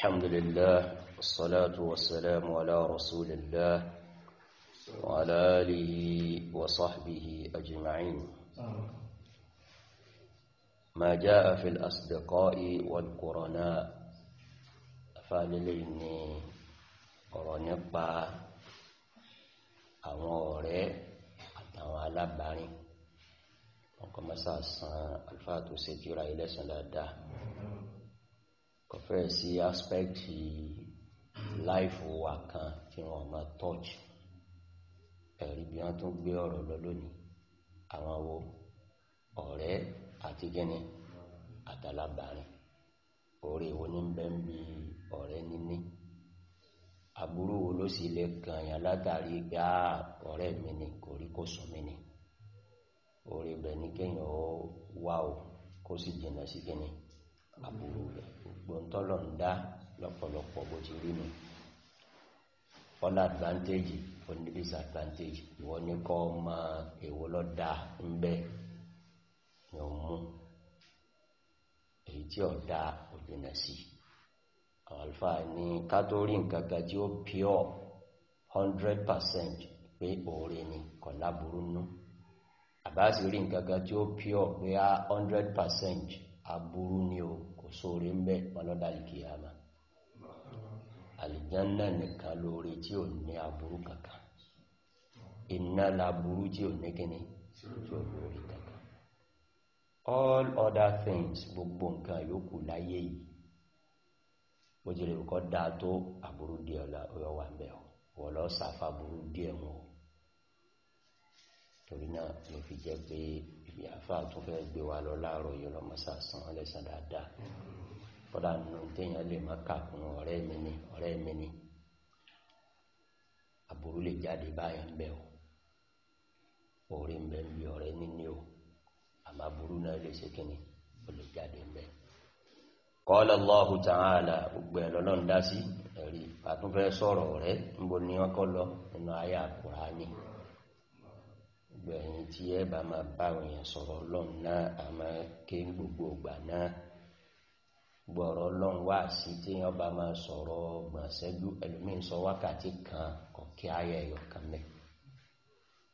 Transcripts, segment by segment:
الحمد لله والصلاة والسلام على رسول الله وعلى آله وصحبه أجمعين ما جاء في الأصدقاء والقرناء فالليني قرنبا أموري أتوالا باري وكما سأسان الفاتو سيجرى إلى سنة kò fẹ́ sí aspect life wa kan tí wọ́n máa touch ẹ̀rí bí wọ́n tún gbé ọ̀rọ̀ lọ lónìí àwọn wo ọ̀rẹ́ àti gẹ́ni àtàlábàárín orí wo ní bẹ́ẹ̀ bí ọ̀rẹ́ níní aburú wo ló sì lè kàyàn látàrí gbá ọ̀rẹ́ mi ni kò kò sùn mi ni orí ibẹ̀ ní kéèyàn ó wà kó sì jìnnà sí gẹ́ni aburú rẹ̀ gbogbo ntọ́lọ̀ ń dá lọ́pọ̀lọpọ̀ bó ti rí nù all advantage ó ní disadvantage ìwọ ní kọ́ ma èwo lọ da ń bẹ́ ni ò mú èyí tí ò da ò jìnà sí àwọn àlùfáà ní kátórí nǹkan kan tí ó pure hundred percent pé òòrè ni kò láburú nú àbá sì rí nǹkan kan tí ó pure pé a hundred percent aburú ni o kò sóore ń bẹ wọn lọ́dà àlìjánná nìkan lóore tí ò ní aburú kankan iná laburú tí ò ní tí ò lóore kankan all other things gbogbo nǹkan yòókù láyé yìí bó ti lè kọ́ dáa tó aburú díẹ̀ ọ̀yọ́ wà ń bẹ̀ ọ́ wọ́n lọ́ sàfà aburú díẹ̀ wọn o torí náà ló fi jẹ́ pé ibi àfáà tó fẹ́ gbé wa lọ láàrọ̀ yìí lọ mọ́sá san ọlẹ́sàn dáadáa fọ́dà nù téèyàn lè má kàkún ọ̀rẹ́ mi ni ọ̀rẹ́ mi ni àbúrú lè jáde báyà ń o orí ń bẹ̀ ń bi ọ̀rẹ́ níní o àmọ́ àbúrú náà lè ṣe kíni ó lè jáde ń sọ̀rọ̀ ọ̀rẹ́ níbo ni wọ́n kọ́ lọ nínú ayé gbogbo ẹ̀yin tí ẹ bá máa bá àwọn èèyàn sọ̀rọ̀ ọlọ́run náà a máa ké gbogbo ìgbà náà gbọ̀rọ̀ ọlọ́run wá sí tí wọ́n bá máa sọ̀rọ̀ gbọ̀nsẹ́jú ẹlòmíín sọ wákàtí kan kọ̀kẹ́ ayé ẹ̀yọ̀ kan mẹ́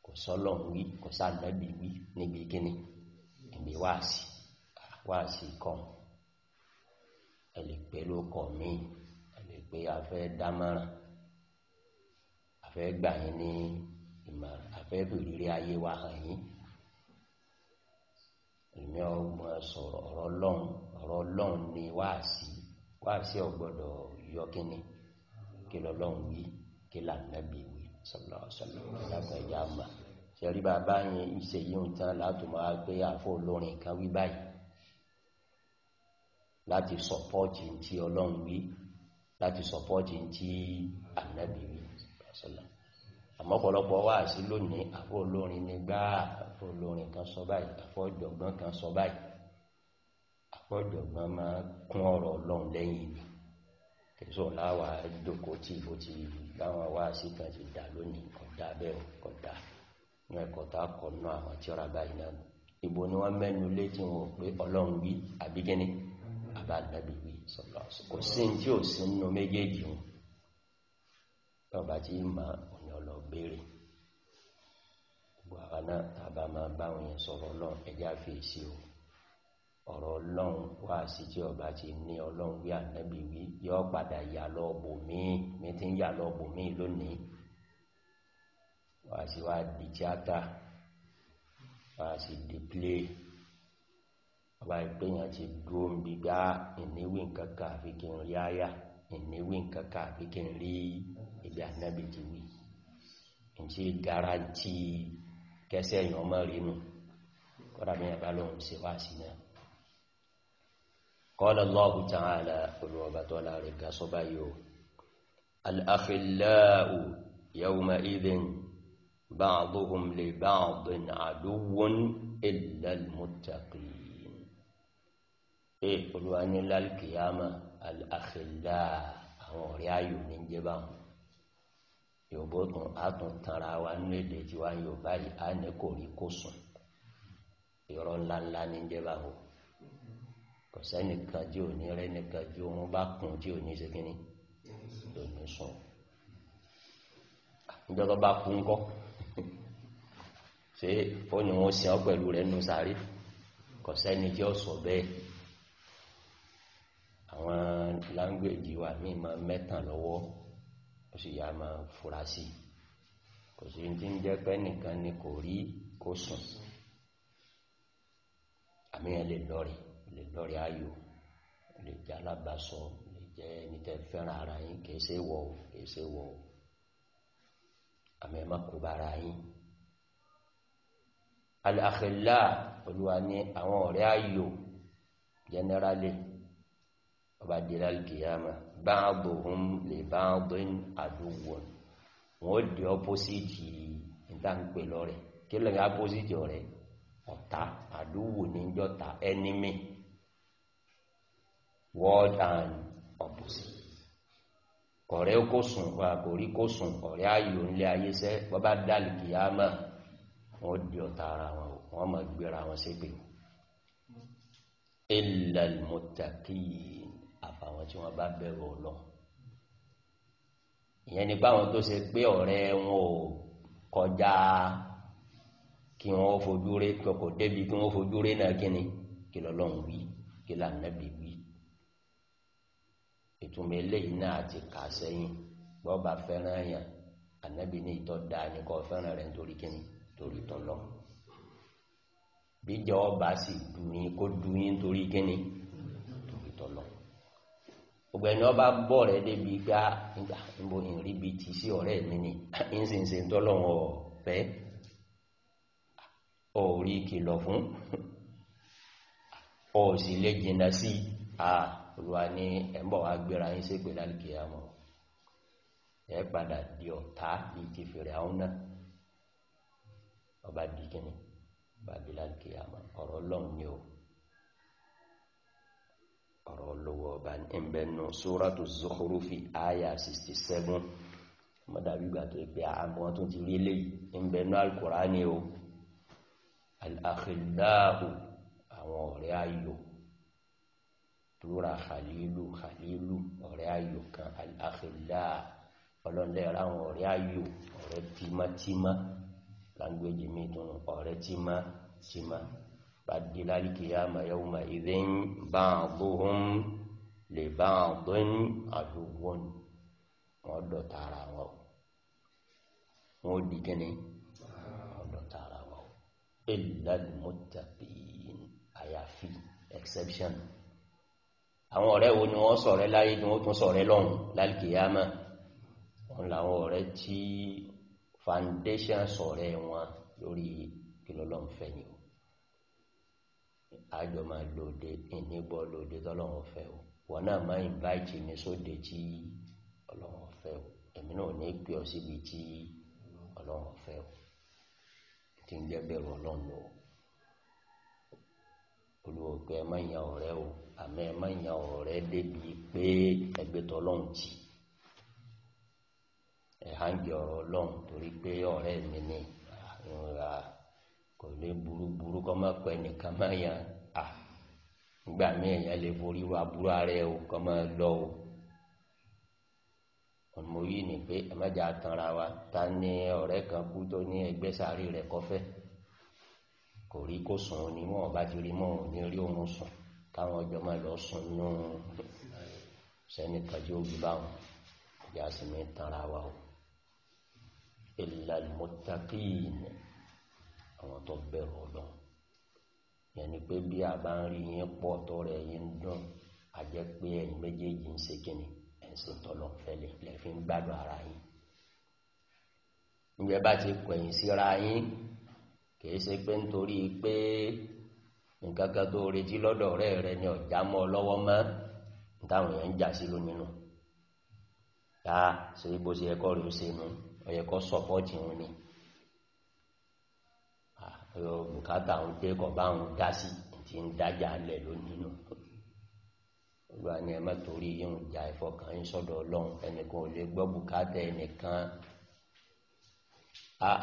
kò sọ́lọ́run wí kò sàgbẹ́bí wí níbi kíni níbi wáàsí wáàsí kan ẹ lè pè lóko míì ẹ lè afẹ́ dámọ́ràn afẹ́ gbà yín ní ìmọ̀ràn àfẹ́bù rírí ayé wa hàn yín èmi ọmọ sọ̀rọ̀ ọ̀rọ̀ ọlọ́run ọ̀rọ̀ ọlọ́run ni wáàsí wáàsí ọ̀gbọ́dọ̀ yọ kíni kí lọ́lọ́run wí kí lànàbí wí sọ̀lọ̀sọ̀lọ̀ lápẹ̀ ìyá mà ṣẹ̀rí bàbá yẹn ìṣe yìí ń tán látò máa gbé àfọ olórin kan wí báyìí láti sọpọ́ọ̀tì ti ọlọ́run wí láti sọpọ́ọ̀tì ti ànàbí wí sọ̀lọ̀sọ̀lọ̀ àmọ́pọ̀lọpọ̀ wà sí lónìí àfọ olórin ní gbáà àfọ olórin kan sọ báyìí àfọ ọ̀jọ̀gbọ́n kan sọ báyìí àfọ ọ̀jọ̀gbọ́n máa kún ọ̀rọ̀ ọlọ́run lẹ́yìn ni kẹsọ̀ láwà dòkó tí ó ti báwọn wá sí kan ti dà lónìí kọ̀dà bẹ́ẹ̀ kọ̀dà ní ẹ̀kọ́ tá a kọ̀ nú àwọn tí ọ̀rọ̀ báyìí náà ìbò ni wọ́n mẹ́nu lé tí wọn ò pé ọlọ́run wí àbígẹ́ni àbáńdábì wí sọ̀rọ̀ kò sí ní tí ò sí nínú ma ọlọ béèrè gbogbo àwọn náà tàbá máa báwọn yẹn sọ̀rọ̀ ọlọ́run ẹjá fèsì o ọ̀rọ̀ ọlọ́run wá sí tí ọba ti ní ọlọ́run wí ànábì wí yọ padà yà lọ bò míì mi ti ń yà lọ bò míì lónìí wá sí wá di tíátà wá sí di play ọba ìpéyàn ti dúró ń bi gbá ìníwì nǹkan àfi kí n rí àyà ìníwì nǹkan àfi kí n rí ibi ànábì ti wí ntí garanti kẹsẹ̀ yìí ọmọ rí nù kọ́dà bí yẹn bá lóun ṣe wá sí náà qala Allahu ta'ala olùwàbà tó láàrin ga sọ́bà yìí al-akhillau àwọn ọ̀rẹ́ ayò ní jẹ́ báwọn yòòbó tún àtún tanra wa nínú èdè tí wá yorùbá yìí á ní kò rí kó sùn ìrọ̀ ńláńlá ní jẹba o kò sẹ́nìkan tí ò ní rẹ́ nìkan tí òun bá kún tí ò ní ṣe kínní tó ní sùn níjọba bá kú ńkọ́ ṣé fóònù wọn sìn ọ pẹ̀lú rẹ nù sáré kò sẹ́ni tí ó sọ bẹ́ẹ̀ àwọn láńgbèjì wa míì máa mẹ́tàn lọ́wọ́ ó sì yá máa fura sí i kò sí ti ń jẹ́ pé nìkan ni kò rí kó sùn àmì yẹn lè lọ́ọ̀rì lè lọ́ọ̀rì ayò lè jẹ́ alábàásọ lè jẹ́ ẹni tẹ́ fẹ́ràn ara yín kìí ṣe wọ̀ ọ́ kìí ṣe wọ̀ ọ́ àmì ẹ̀ má kó bára yín al olúwa ní àwọn ọ̀rẹ́ ayò generally ọba dira kìyàmà báàbò hum lè báàbò àdúgbò wọn di ọpọsíìtì ìtànpẹ lọrẹ kí lóyún apọsíìtì ọrẹ ọ̀tá àdúgbò níjọta ẹnimi word and opposite ọ̀rẹ́ kò sùn wà kò rí kò sùn ọ̀rẹ́ ayò ńlẹ̀ ayé sẹ́ bọ́bá dàlì kìyàmà wọ́n di ọ̀tá ara wọn wọ́n máa gbéra wọn ṣépè illal muttaqin àfàwọn tí wọ́n bá bẹ̀rù Ọlọ́run ìyẹn ni báwọn tó ṣe pé ọ̀rẹ́ wọn ò kọjá kí wọ́n fojú rẹ̀ kọkọ débi kí wọ́n fojú rẹ̀ náà kíni kí lọ́lọ́run wí kí lànàbì wí ìtumọ̀ eléyìí náà ti kà sẹ́yìn gbọ́ba fẹ́ràn yàn ànábì ní ìtọ́ da ni kò fẹ́ràn rẹ̀ nítorí kíni torí tọ́lọ́ bíjọ́ ọba sì dùn yín kó dùn yín torí kíni torí tọ́lọ́ ọ̀gbẹ́ni ọba bọ rẹ débi gbá ah, nígbà níbo ni ríbi ti sí ọ̀rẹ́ mi ni ìsinsìn tọlọ́run ọfẹ orí kìlọ̀ fún ọsì lè jìnnà sí a olùwà ní ẹnbọ wa gbéra yín ṣépè lálùkì àmọ́ ẹ padà di ọ̀tá bíi ti fèrè àwọn náà ọba di bàbí lálùkì àmọ́ ọ̀rọ̀ Ọlọ́run ni o lọ́wọ́ ọba ẹ̀mbẹ̀nu sóràtò Zukhrufi àyà 67 mọ́dàbí gbà tó pé àwọn tó ti rí eléyìí ẹ̀mbẹ̀nu al-Qur'ani o al-akhillahu àwọn ọ̀rẹ́ ayò plura khalilu khalilu ọ̀rẹ́ ayò kan al-akhillahu بعد ذلك يوم يومئذ بعضهم لبعض عدو wọ́n dọ̀tá ara wọn o wọ́n di kíni wọ́n dọ̀tá ara wọn o illal muttaqin àyàfi exception àwọn ọ̀rẹ́ wo ni wọ́n ṣọ̀rẹ́ láyé ni wọ́n tún ṣọ̀rẹ́ lọ́hùn lálkìyàmà wọn làwọn ọ̀rẹ́ tí foundation ṣọ̀rẹ́ wọn lórí kìlọ́lọ́mfẹ́ ni o àjọ máa lòde ìní bọ́ lòde tọ́lọ́run fẹ́ o wọn náà máa invite mi sóde tí ọlọ́run fẹ́ o èmi náà ní pè ọ síbi tí o o ẹ má o àmọ́ ẹ má ọ̀rẹ́ débi pé ẹgbẹ́ ọ̀rọ̀ torí pé ọ̀rẹ́ mi ni kò lè burúburú kọ́ à nígbà míì èèyàn lè forí ro aburú ara o kọ́ máa lọ o ọmọ ni pé ẹ̀mẹ́jà tanra wa ta ni ọ̀rẹ́ kan kú tó ní ẹgbẹ́ sàárì rẹ̀ kọ́fẹ́ kò rí kó sùn ni wọn bá ti rí mọ́ ò ní rí òun sùn káwọn ọjọ́ máa lọ sùn nínú sẹ́nìkan tí ó báwọn ìjà sì ní tanra wa o ìlànà mọ́tàkì àwọn tó bẹ̀rù ọlọ́run. yẹni pé bí a bá ń rí yín pọ̀ dụ rẹ̀ yín ń dùn a jẹ́ pé ẹ̀yin méjèèjì ń ṣe kíni ẹ̀ ń ṣe tọ́lọ̀ fẹ́lẹ̀ lẹ́ fi ń gbádùn ara yín nígbà bá ti pẹ̀yìn síra yín kìí ṣe pé nítorí pé nǹkan kan tó retí lọ́dọ̀ ọ̀rẹ́ rẹ ni ọ̀já mọ́ ọ lọ́wọ́ mọ́ táwọn èèyàn ń bùkátà ń dé kọ̀ bá ń dá sí ti ń dájà lẹ̀ lónìí nù olúwa ni ẹ má torí yín ja ìfọkàn yín sọ́dọ̀ Ọlọ́run ẹnìkan ò lè gbọ́ bùkátà ẹnìkan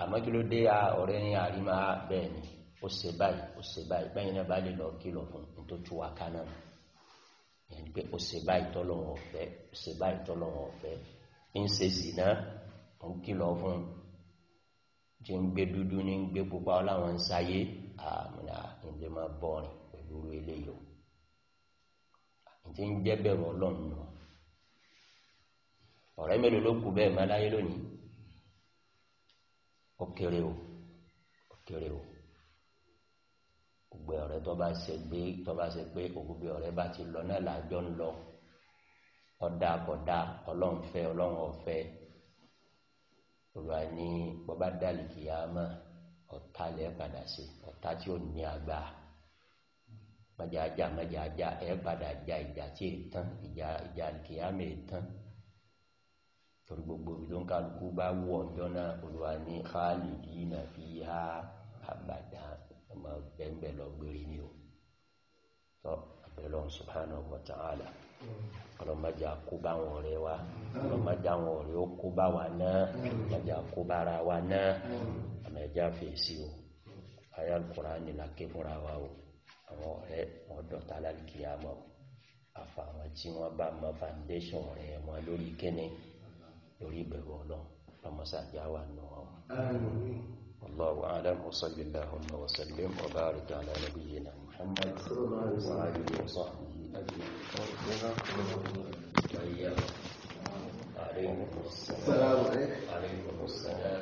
àmọ́ a ọ̀rẹ́ yín àrímá bẹ́ẹ̀ ni ó ṣe báyìí ó ṣe báyìí bẹ́yìn náà bá lè lọ kìlọ̀ fún un tó tú wa ká náà ẹni pé ó ṣe báyìí tọ́lọ́run ọ̀fẹ́ ó ṣe báyìí tọ́lọ́run ọ̀fẹ́ ń ṣe sì náà ń kìlọ̀ fún un tí ń gbé dúdú ní ń gbé pupa ọláwọn ń sáyé àmìnà ìdè máa bọ́rin pẹ̀lú orí eléyò ìdí ń jẹ́ bẹ̀rù ọlọ́run nù ọ̀rẹ́ mélòó ló kù bẹ́ẹ̀ máa láyé lónìí ó kéré o ó kéré o gbogbo ọ̀rẹ́ tó bá ṣe gbé tó bá ṣe pé gbogbo ọ̀rẹ́ bá ti lọ náà làjọ ń lọ ọ̀dà kọ̀dà ọlọ́run fẹ́ ọlọ́run ọ̀fẹ́ olùwà ní bọ́bá dàlì kìyàmá ọ̀tá lẹ́ padà sí ọ̀tá tí ó ní àgbà májàájá májàájá ẹ padà já ìjà tí ètàn ìjà ìjà kìyàmá ètàn torí gbogbo ibi tó ń kálukú bá wù ọjọ́ náà olùwà ní khalidina fiha abada ọmọ bẹ́ẹ̀ bẹ́ẹ̀ lọ gbére ni o tọ́ abẹ́lọ́n subhanahu wa ta'ala ọlọ́mọdé àkóbá àwọn ọ̀rẹ́ wa ọlọ́mọdé àwọn ọ̀rẹ́ ó kóbá wa náà ọlọ́mọdé àkóbá ara wa náà ọmọ ẹja fèsì o ayé Kùránì la ké fúnra wa o àwọn ọ̀rẹ́ wọn dọ̀tá lálùkìyàmọ àfàwọn tí wọn bá mọ foundation ọ̀rẹ́ wọn lórí kíni lórí ìbẹ̀rù Ọlọ́run lọmọsàájá wà nù ọ. والله أعلم وصلى اللهم وسلم وبارك على نبينا محمد وعلى آله وصحبه عليكم السلام عليكم السلام